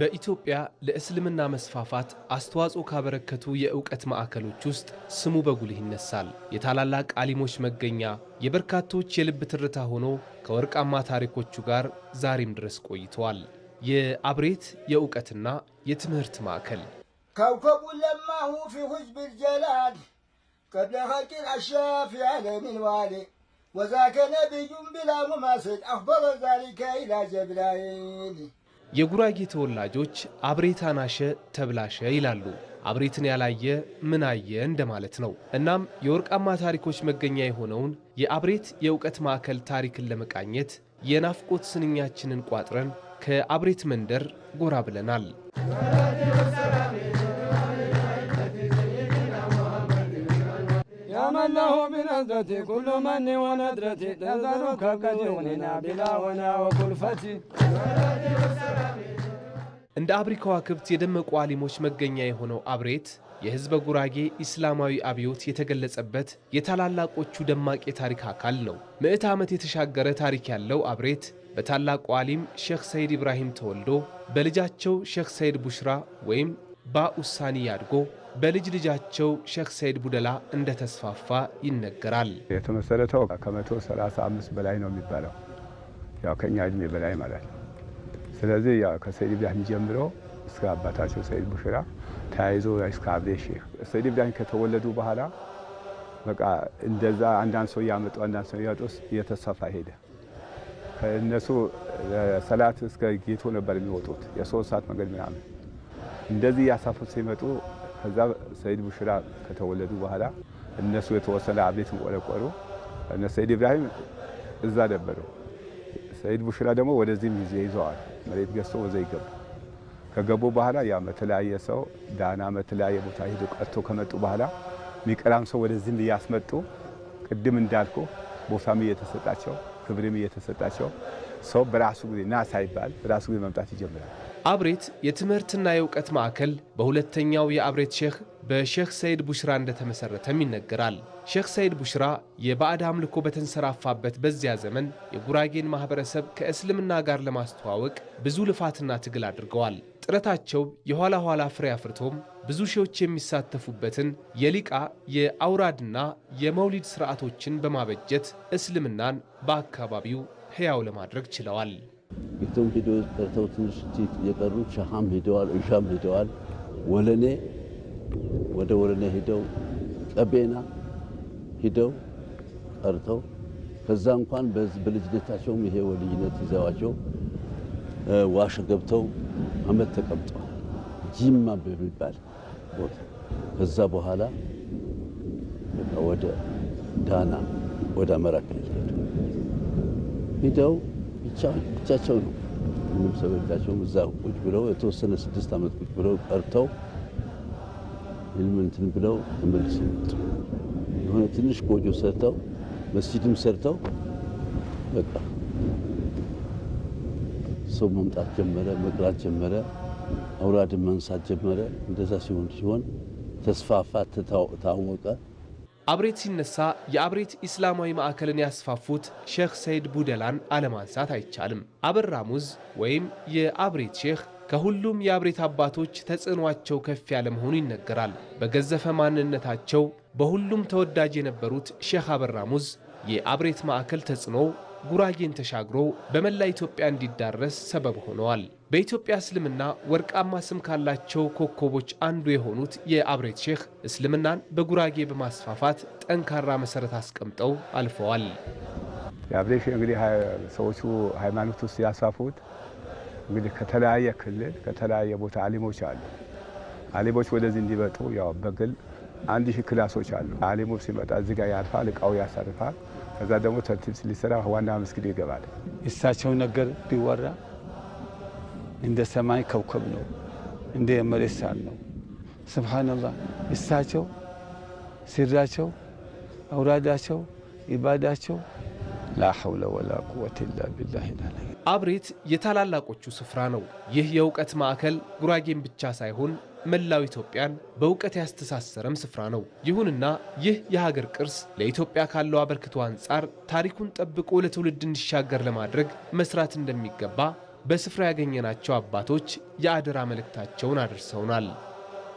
በኢትዮጵያ ለእስልምና መስፋፋት አስተዋጽኦ ካበረከቱ የእውቀት ማዕከሎች ውስጥ ስሙ በጉልህ ይነሳል። የታላላቅ አሊሞች መገኛ፣ የበርካቶች የልብ ትርታ ሆኖ ከወርቃማ ታሪኮቹ ጋር ዛሬም ድረስ ቆይተዋል። የአብሬት የእውቀትና የትምህርት ማዕከል ከውከቡ ለማሁ ፊ ሕዝብ ልጀላል ቀብለ አሻፊ ዓለሚን ዋሌ ወዛከ አኽበረ ዛሊከ ኢላ ጀብራይል የጉራጌ ተወላጆች አብሬ ታናሸ ተብላሸ ይላሉ። አብሬትን ያላየ ምን አየ እንደማለት ነው። እናም የወርቃማ ታሪኮች መገኛ የሆነውን የአብሬት የእውቀት ማዕከል ታሪክን ለመቃኘት የናፍቆት ስንኛችንን ቋጥረን ከአብሬት መንደር ጎራ ብለናል። آمناه بنظرتي كل من وندرتي تنظرك كديوننا بلا ونا وكلفتي እንደ አብሪ ከዋክብት የደመቁ ዓሊሞች መገኛ የሆነው አብሬት የህዝበ ጉራጌ ኢስላማዊ አብዮት የተገለጸበት የታላላቆቹ ደማቅ የታሪክ አካል ነው። ምዕት ዓመት የተሻገረ ታሪክ ያለው አብሬት በታላቁ ዓሊም ሼክ ሰይድ ኢብራሂም ተወልዶ በልጃቸው ሼክ ሰይድ ቡሽራ ወይም ባኡሳኒ ያድጎ በልጅ ልጃቸው ሼክ ሰይድ ቡደላ እንደተስፋፋ ይነገራል። የተመሰረተው ከ135 በላይ ነው የሚባለው ያው ከኛ እድሜ በላይ ማለት ነው። ስለዚህ ያው ከሰይድ ብዳኝ ጀምሮ እስከ አባታቸው ሰይድ ቡሽራ ተያይዞ እስከ አብሬ ሼህ ሰይድ ብዳኝ ከተወለዱ በኋላ በቃ እንደዛ አንዳንድ ሰው እያመጡ አንዳንድ ሰው እያጡ እየተስፋፋ ሄደ። ከእነሱ ሰላት እስከ ጌቶ ነበር የሚወጡት የሶስት ሰዓት መንገድ ምናምን እንደዚህ እያሳፉት ሲመጡ ከዛ ሰይድ ቡሽራ ከተወለዱ በኋላ እነሱ የተወሰነ አብዴት ቆረቆሩ። እነ ሰይድ ኢብራሂም እዛ ነበሩ። ሰይድ ቡሽራ ደግሞ ወደዚህም ጊዜ ይዘዋል። መሬት ገዝቶ ወዘ ይገቡ ከገቡ በኋላ ያ መተለያየ ሰው ዳና መተለያየ ቦታ ሄዶ ቀጥቶ ከመጡ በኋላ ሚቀራም ሰው ወደዚህም እያስመጡ ቅድም እንዳልኩ ቦታም እየተሰጣቸው ክብርም እየተሰጣቸው ሰው በራሱ ጊዜ ና ሳይባል በራሱ ጊዜ መምጣት ይጀምራል። አብሬት የትምህርትና የእውቀት ማዕከል በሁለተኛው የአብሬት ሼህ በሼህ ሰይድ ቡሽራ እንደተመሠረተም ይነገራል። ሼህ ሰይድ ቡሽራ የባዕድ አምልኮ በተንሰራፋበት በዚያ ዘመን የጉራጌን ማኅበረሰብ ከእስልምና ጋር ለማስተዋወቅ ብዙ ልፋትና ትግል አድርገዋል። ጥረታቸው የኋላ ኋላ ፍሬ አፍርቶም ብዙ ሺዎች የሚሳተፉበትን የሊቃ የአውራድና የመውሊድ ስርዓቶችን በማበጀት እስልምናን በአካባቢው ሕያው ለማድረግ ችለዋል። ግቶም ሂዶ ጠርተው ትንሽ ቲት የቀሩ ሻሃም ሂደዋል፣ እሻም ሂደዋል። ወለኔ ወደ ወለኔ ሂደው ቀቤና ሂደው ቀርተው ከዛ እንኳን በልጅነታቸውም ይሄ ወልይነት ይዘዋቸው ዋሸ ገብተው አመት ተቀምጠዋል። ጂማ በሚባል ከዛ በኋላ ወደ ዳና ወደ አማራ ክልል ሄዱ። ሂደው ብቻቸው ነው ምንም ሰው የላቸውም። እዛ ቁጭ ብለው የተወሰነ ስድስት ዓመት ቁጭ ብለው ቀርተው እንትን ብለው ተመልሰው መጡ። የሆነ ትንሽ ቆጆ ሰርተው መስጂድም ሰርተው በቃ ሰው መምጣት ጀመረ፣ መቅራት ጀመረ። አውራድን መንሳት ጀመረ። እንደዛ ሲሆን ሲሆን ተስፋፋ፣ ታወቀ። አብሬት ሲነሳ የአብሬት ኢስላማዊ ማዕከልን ያስፋፉት ሼክ ሰይድ ቡደላን አለማንሳት አይቻልም። አበራ ሙዝ ወይም የአብሬት ሼክ ከሁሉም የአብሬት አባቶች ተጽዕኗቸው ከፍ ያለ መሆኑ ይነገራል። በገዘፈ ማንነታቸው በሁሉም ተወዳጅ የነበሩት ሼክ አበራ ሙዝ የአብሬት ማዕከል ተጽዕኖ ጉራጌን ተሻግሮ በመላ ኢትዮጵያ እንዲዳረስ ሰበብ ሆነዋል። በኢትዮጵያ እስልምና ወርቃማ ስም ካላቸው ኮከቦች አንዱ የሆኑት የአብሬት ሼህ እስልምናን በጉራጌ በማስፋፋት ጠንካራ መሰረት አስቀምጠው አልፈዋል። የአብሬት ሼህ እንግዲህ ሰዎቹ ሃይማኖት ውስጥ ያስፋፉት እንግዲህ ከተለያየ ክልል ከተለያየ ቦታ አሊሞች አሉ። አሊሞች ወደዚህ እንዲመጡ ያው በግል አንድ ሺህ ክላሶች አሉ። አሊሙ ሲመጣ እዚህ ጋር ያርፋል፣ እቃው ያሰርፋል ከዛ ደግሞ ተርቲብ ሊሰራ ዋና መስጊድ ይገባል። እሳቸው ነገር ቢወራ እንደ ሰማይ ከውከብ ነው፣ እንደ የመሬት ሳል ነው። ስብሓንላ እሳቸው ሲራቸው፣ አውራዳቸው፣ ኢባዳቸው ላ ሐውለ ወላ ቁወት ላ ቢላህ አብሬት የታላላቆቹ ስፍራ ነው። ይህ የእውቀት ማዕከል ጉራጌን ብቻ ሳይሆን መላው ኢትዮጵያን በእውቀት ያስተሳሰረም ስፍራ ነው። ይሁንና ይህ የሀገር ቅርስ ለኢትዮጵያ ካለው አበርክቶ አንጻር ታሪኩን ጠብቆ ለትውልድ እንዲሻገር ለማድረግ መስራት እንደሚገባ በስፍራ ያገኘናቸው አባቶች የአደራ መልእክታቸውን አድርሰውናል።